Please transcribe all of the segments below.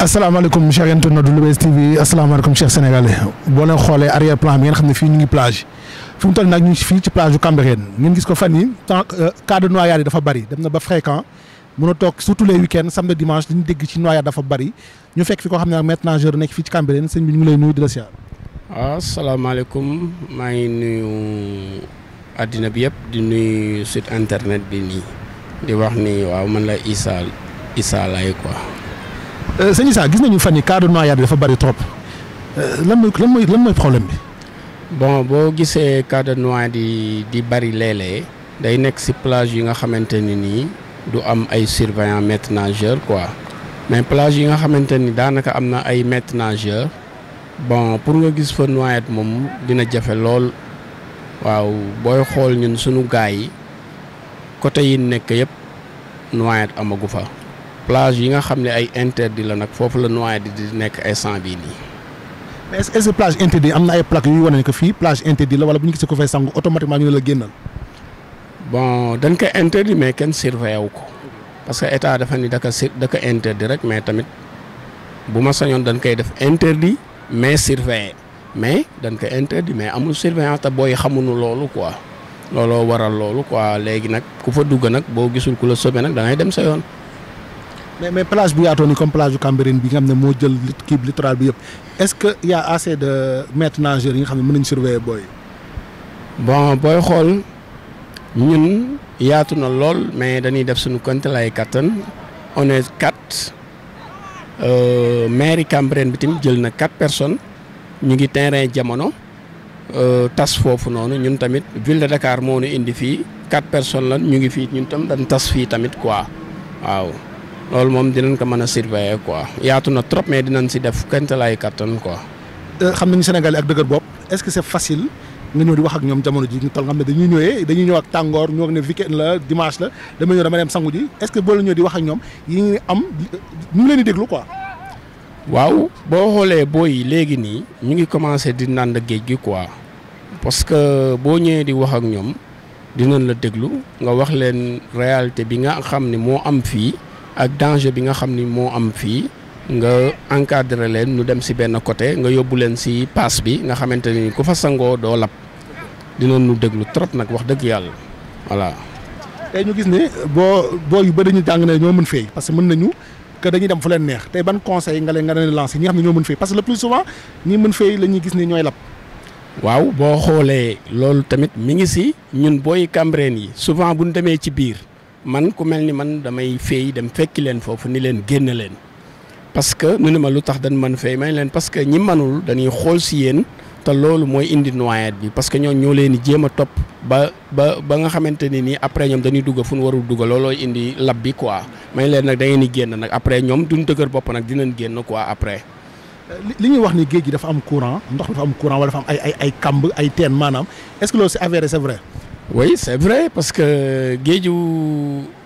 asalaamaaleykum chers internautes de Lou'Bess TV asalaamaaleykum chers sénégalais boo leen xoolee arrière plan bi ngeen xam ne fii ñu ngi plage fi mu toll nag ñu euh, dem na ba fréquent mën a toog surtout les week-ends samedi dégg ci noyade dafa bëri ñu fekk ko xam ne nag maître nageur nekk fii ci Cambérène sëñ ah, maa ngi nuyu àddina bi yëpp di nuyu site internet bi nii di wax ni waaw man la Issa Issa Laye quoi. Euh, sëñ Issa gis nañu fan yi cas de dafa bari trop euh, lan mooy lan mooy problème bi. bon boo gisee cas de di bari léeg day nekk ci plage yi nga xamante ne nii du am ay surveillant maître nageur quoi mais plage yi nga xamante ni daanaka am na ay maître nageur bon pour nga gis fa noyade moom dina jafe lool waaw booy xool ñun sunu gaay yi côté yi nekk yëpp noyade amagu fa. plage yi nga xam ne ay interdit la nag foofu la Noailles di nekk ay sang bii nii. mais est ce que plage interdit am na ay plaques yuy wane ne fii plage interdit la wala bu ñu gisee ko fay sangu automatiquement ñu la génnal. bon dañ ko interdit mais kenn surveillé wu ko parce que état dafa ni da ko si da ko interdit rek mais tamit bu ma sañoon dañ koy def interdit mais surveillé mais dañ ko interdit mais amul surveillance te booy xamuñu loolu quoi. looloo waral loolu quoi léegi nag ku fa dugg nag boo gisul ku la sobe nag da ngay dem sa mais mais plage bu yaatoo ni comme plage bu Cambérène bi nga xam ne moo jël kii littoral bi yëpp est-ce que y a assez de maîtres nageurs yi nga xam ne mën nañu surveiller booy bon booy xool ñun yaatu na lool mais dañuy def suñu compte lay kattan on est quatre euh, mairie Cambérène bi tamit jël na quatre personnes ñu ngi terrain jamono euh, tas foofu noonu ñun tamit ville de Dakar moo ñu indi fii quatre personnes la ñu ngi fii ñun tam dañ tas fii tamit quoi waaw. loolu moom dinañ ko mën a surveiller quoi yaatu na trop mais dinañ si def kentalaay kattan quoi. Euh, xam nañu Sénégal ak dëgër bopp est-ce que c'est facil nga ñëw di wax ak ñoom jamono ji ñu toll nga xam ne dañuy ñëwee dañuy ñëw tàngoor ñu wax ne weekend la dimanche la dama ñëw dama sangu ji est-ce que boo la ñëw di wax ak ñoom am ñu ngi leen déglu quoi. waaw boo xoolee booy léegi nii ñu ngi commencé di nànd géej gi quoi parce que boo ñëwee di wax ak ñoom dinañ la déglu nga wax leen réalité bi nga xam ni moo am fii. ak danger bi nga xam ni moo am fii nga encadré leen ñu dem si benn côté nga yóbbu leen si paas bi nga xamante ni ku fa sangoo doo lab dinañu déglu trop nag wax dëgg yàlla voilà. tey ñu gis ne boo boo yu bëri ñu jàng mën fay parce que mën nañu que dañuy leen neex tey ban conseil nga leen nga leen ñoo mën fay parce que le plus souvent mën fay la ñuy gis ne ñooy lab. waaw boo xoolee loolu tamit mi ngi si ñun booy Cambérène yi souvent bu ñu demee ci biir. man ku mel ni man damay fay dem fekki leen foofu ni leen génn leen parce que nu ne ma lu tax dañ mën fay may leen parce que ñi manul dañuy xool si yéen te loolu mooy indi noyade bi parce que ñoo ñoo leen di jéem a topp ba ba ba nga xamante ni nii après ñoom dañuy dugg fu nu warul dugg looloo indi lab bi quoi may leen nag da ngeen di génn nag après ñoom duñ dëgër bopp nag dinañ génn quoi après. Euh, li ñuy wax ni géej gi dafa am courant ndox dafa am courant wala dafa am ay ay ay kamb ay teen maanaam est-ce que loolu c'est avéré c'est vrai. oui c'est vrai parce que géeju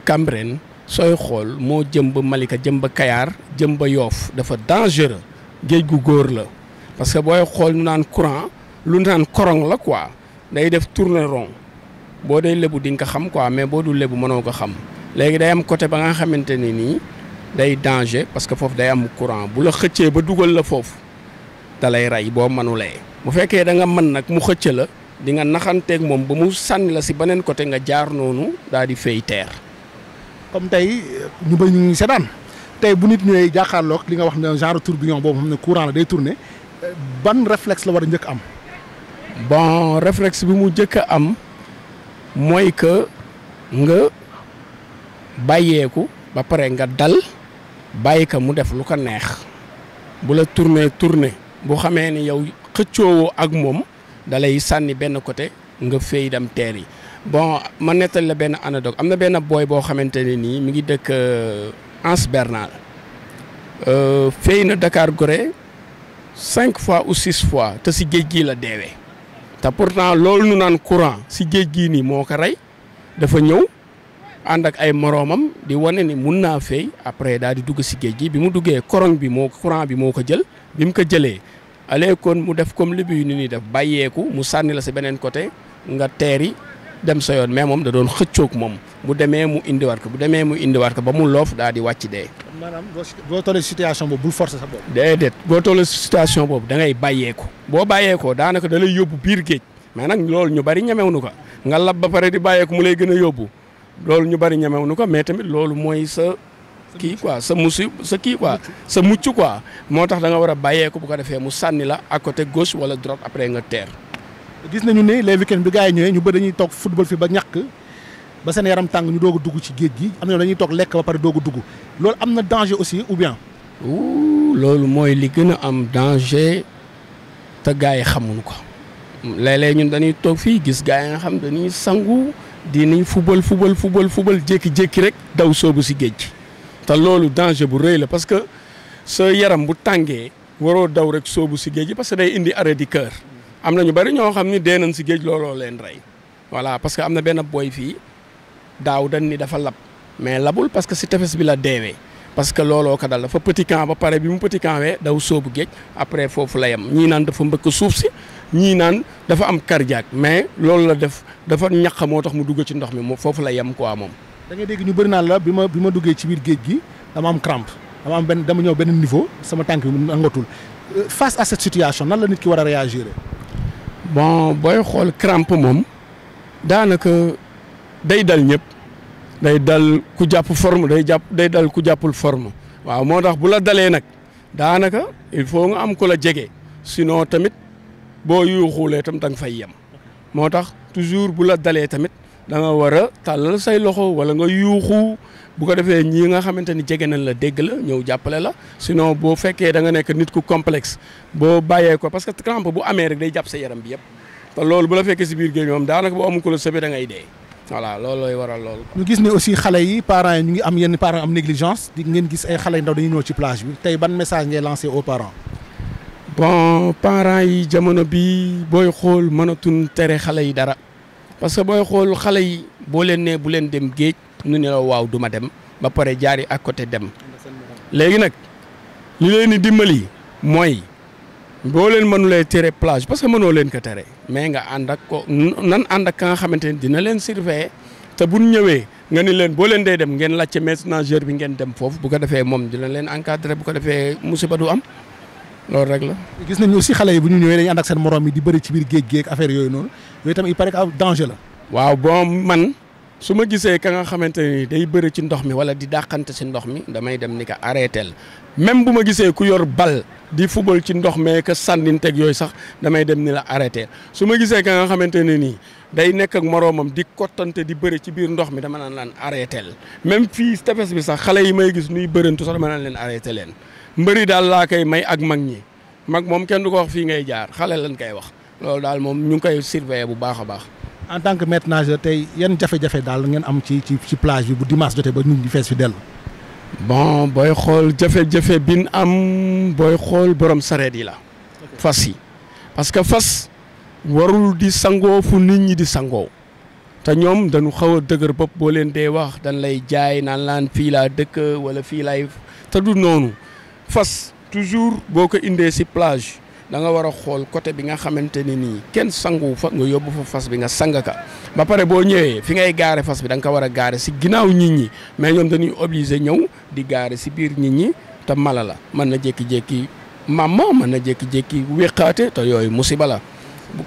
Cambérène sooy xool moo jëm ba Malika jëm ba Kayaar jëm ba Yoof dafa dangereux géej gu góor la parce que booy xool naan courant lu naan korong la quoi day def tourner rond boo dee lébu di nga ko xam quoi mais boo dul lébu mënoo ko xam léegi day am côté ba nga xamante ne nii day danger parce que foofu day am courant bu la xëccee ba dugal la foofu da lay rey boo mënulee bu fekkee da nga mën nag mu xëcc la. di nga naxanteeg moom ba mu sànni la si beneen côté nga jaar noonu daal di fay teer. comme tey ñu bëri ñu ngi seetaan tey bu nit ñëwee jàkkaarloog li nga wax ne genre tourbillon boobu xam ne courant la day tourner ban réflexe la war a njëkk am. bon réflexe bi mu njëkk a am mooy que nga bàyyeeku ba pare nga dal bàyyi ko mu def lu ko neex bu la tourner tourner bu xamee ni yow xëccoowoo ak moom. da lay sànni benn côté nga fay dem teer yi bon ma nettali la benn anecdote am na benn booy boo xamante ne nii mu ngi dëkk euh, Anse Bernard euh, fay na dakaar Gorée cinq fois ou six fois te si géej gii la deewee te pourtant loolu nu naan courant si géej gii nii moo ko rey dafa ñëw ànd ak ay moroomam di wane ni mun naa fay après daa di dugg si géej gi bi mu duggee korong bi moo courant bi moo ko jël bi mu ko jëlee ale kon mu def comme libi yu ni ñuy def bàyyeeku mu sànni la si beneen côté nga teeri dem sa yoon mais moom da doon xëccoog moom bu demee mu indiwaat ko bu demee mu indiwaat ko ba mu loof daal di wàcc dee. maanaam boo tollee situation boobu bul forcer sa boo tollee situation boobu da ngay bàyyeeku boo bàyyeekoo daanaka da lay yóbbu biir géej mais nag loolu ñu bari nu ko nga lab ba pare di bàyyeeku mu lay gën a yóbbu loolu ñu bari nu ko mais tamit loolu mooy sa. kii quoi sa musu sa kii quoi sa mucc quoi moo tax danga war a bàyyeeku bu ko defee mu sànni la à côté gauche wala droite après nga teer. gis nañu ne les week-end bi gars yi ñëwee ñu bëri dañuy toog football fi ba ñàkk ba seen yaram tàng ñu doog dugg ci géej gi am na dañuy toog lekk ba pare doog a dugg loolu am na danger aussi ou bien. loolu mooy li gën a am danger te gars yi xamuñu ko léeg ñun dañuy toog fii gis gars yi nga xam dañuy sangu di nañ football football football football jékki-jékki rek daw soobu si géej gi. te loolu danger bu rëy la parce que sa yaram bu tàngee waroo daw rek soobu si géej gi parce que day indi arrêt di cœur am na ñu bari ñoo xam ni dee nañ si géej looloo leen rey voilà parce que am na benn booy fii daaw dañ ni dafa lab mais labul parce que si tefes bi la deewee parce que looloo ko dal dafa petit camp ba pare bi mu petit camp wee daw soobu géej après foofu la yem ñii naan dafa mbëkk suuf si ñii naan dafa am cardiaque mais loolu la def dafa ñaq moo tax mu dugg ci ndox mi foofu la yem quoi moom. da dégg ñu bëri naan la bi ma bi ma duggee ci biir géej gi dama am crampe dama am benn dama ñëw benn niveau sama tànk bi mu nangatul euh, face à cette situation nan la nit ki war a réagir. bon booy xool crampe moom daanaka day dal ñëpp day dal ku jàpp forme day jàpp day dal ku jàppul forme waaw moo tax bu la dalee nag daanaka il faut nga am ko la jege sinon tamit boo yuuxulee tamit da nga fay yem moo tax toujours bu la dalee tamit. danga nga war a tàllal say loxo wala nga yuuxu bu ko defee ñii nga xamante ni jege nañ la dégg la ñëw jàppale la sinon boo fekkee da nga nekk nit ku complexe boo bàyyee ko parce que crampe bu amee rek day jàpp sa yaram bi yëpp loolu bu la fekkee si biir géej moom daanaka boo amul ko la sëbe da ngay dee voilà loolu lay waral loolu. ñu gis ne aussi xale yi parent yi ñu ngi am yenn parents am négligence di ngeen gis ay xale yu ndaw dañuy ñëw ci plage bi tey ban message ngay lancé bon parents yi jamono bi booy xool mënatuñ tere xale yi dara. parce que booy xool xale yi boo leen nee bu leen dem géej nu ne la waaw du ma dem ba pare jaar yi ak côté dem léegi nag li leen di dimbali mooy boo leen mënulee tere plage parce que mënoo leen ko tere mais nga ànd ak ko nan ànd ak ka nga xamante ne dina leen surveiller te bu ñëwee nga ni leen boo leen dee dem ngeen laajte maître nageur bi ngeen dem foofu bu ko defee moom dina leen encadrer bu ko defee musiba du am. loolu rek la. gis nañu aussi xale yi bu ñu ñëwee dañuy ànd ak seen morom yi di bëri ci biir géej géej affaire yooyu noonu yooyu tamit pare paraît que danger la. waaw boo man su ma gisee ka nga xamante ni day bëri ci ndox mi wala di dàqante si ndox mi damay dem ni ko arrêté même bu ma gisee ku yor bal di football ci ndox mais que sànninteeg yooyu sax damay dem ni la arrêté su gisee ka nga xamante ne nii day nekk ak moroomam di kottante di bëri ci biir ndox mi dama naan laan arrêté même fii tefes bi sax xale yi may gis nuy bërëntu sax dama naan leen arrêté leen. mbëri daal laa koy may ak mag ñi mag moom kenn du ko wax fii ngay jaar xale lañ koy wax loolu daal moom ñu ngi koy surveiller bu baax a baax. en tant que maître nageur tey yan jafe-jafe daal ngeen am ci ci ci plage bi bu dimanche jotee ba nit ñi fees fi dellu. bon booy xool jafe-jafe bin am booy xool borom sareet yi la. fas yi parce que fas warul di sangoo fu nit ñi di sangoo. te ñoom dañu xaw a dëgër bopp boo leen dee wax dañ lay jaay naan laan fii laa dëkk wala fii laay te du noonu fas toujours boo ko indee si plage da nga war a xool côté bi nga xamante ni nii kenn sanguwu fa nga yóbbu fa fas bi nga sang ka ba pare boo ñëwee fi ngay gaare fas bi da nga ko war a gaare si ginnaaw nit ñi mais ñoom dañuy obligé ñëw di gaare si biir nit ñi te mala la mën na jékki-jékki mamma mën na jékki-jékki wéqate te yooyu musiba la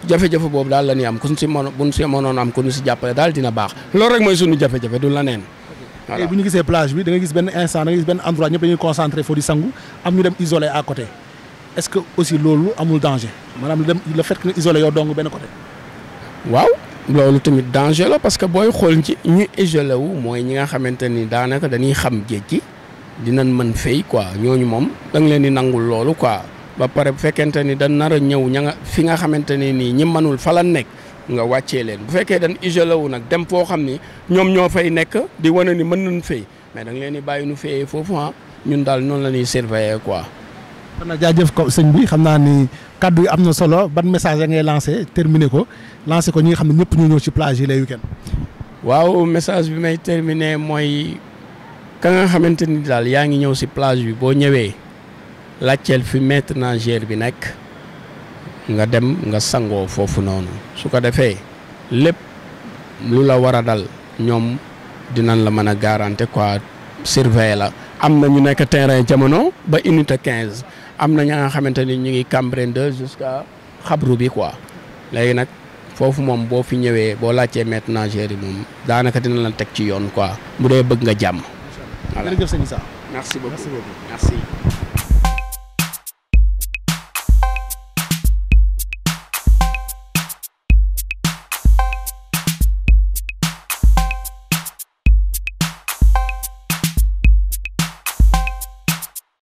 jafe-jafe boobu daal la ñuy am ku si mën bu ñu si mënoon am ku ñu si jàppale daal dina baax loolu rek mooy sunu jafe-jafe du la neen voilà bu ñu gisee plage bi da nga gis benn instant da nga gis benn endroit ñëpp dañuy concentré foo di sangu am ñu dem isolé à côté est-ce que aussi loolu amul danger maanaam dem le fait que nga isolé yow dong benn côté. waaw loolu tamit danger la parce que booy xool ci ñu isolé wu mooy ñi nga xamante ni daanaka dañuy xam géej gi dinañ mën fay quoi ñooñu moom da nga leen di nangul loolu quoi ba pare bu fekkente ni da nar a ñëw ña nga fi nga xamante ne nii ñi mënul fa la nekk. nga wàccee leen bu fekkee dañ isolé wu nag dem foo xam ni ñoom ñoo fay nekk di wane ni mën nañu fay mais da leen di bàyyi nu fayee foofu ah ñun daal noonu la ñuy surveiller quoi. kon nag jaajëf ko sëñ bi xam naa ni kaddu yi am na solo ban message la ngay lancé terminé ko lancé ko ñi nga xam ne ñëpp ñu ñëw ci plage yi les week-end waaw message bi may terminé mooy ka nga xamante ni daal yaa ngi ñëw si plage bi boo ñëwee laajteel fi maître nageur bi nekk. nga dem nga sangoo foofu noonu su ko defee lépp lu la war a dal ñoom dinañ la mën a garanté quoi surveiller la am na ñu nekk terrain jamono ba unité quinze am na ña nga xamante ni ñu ngi Cambérène 2 jusqu'à xabru bi quoi léegi nag foofu moom boo fi ñëwee boo laajtee maître nageur yi moom daanaka dina la teg ci yoon quoi bu dee bëgg nga jàmm.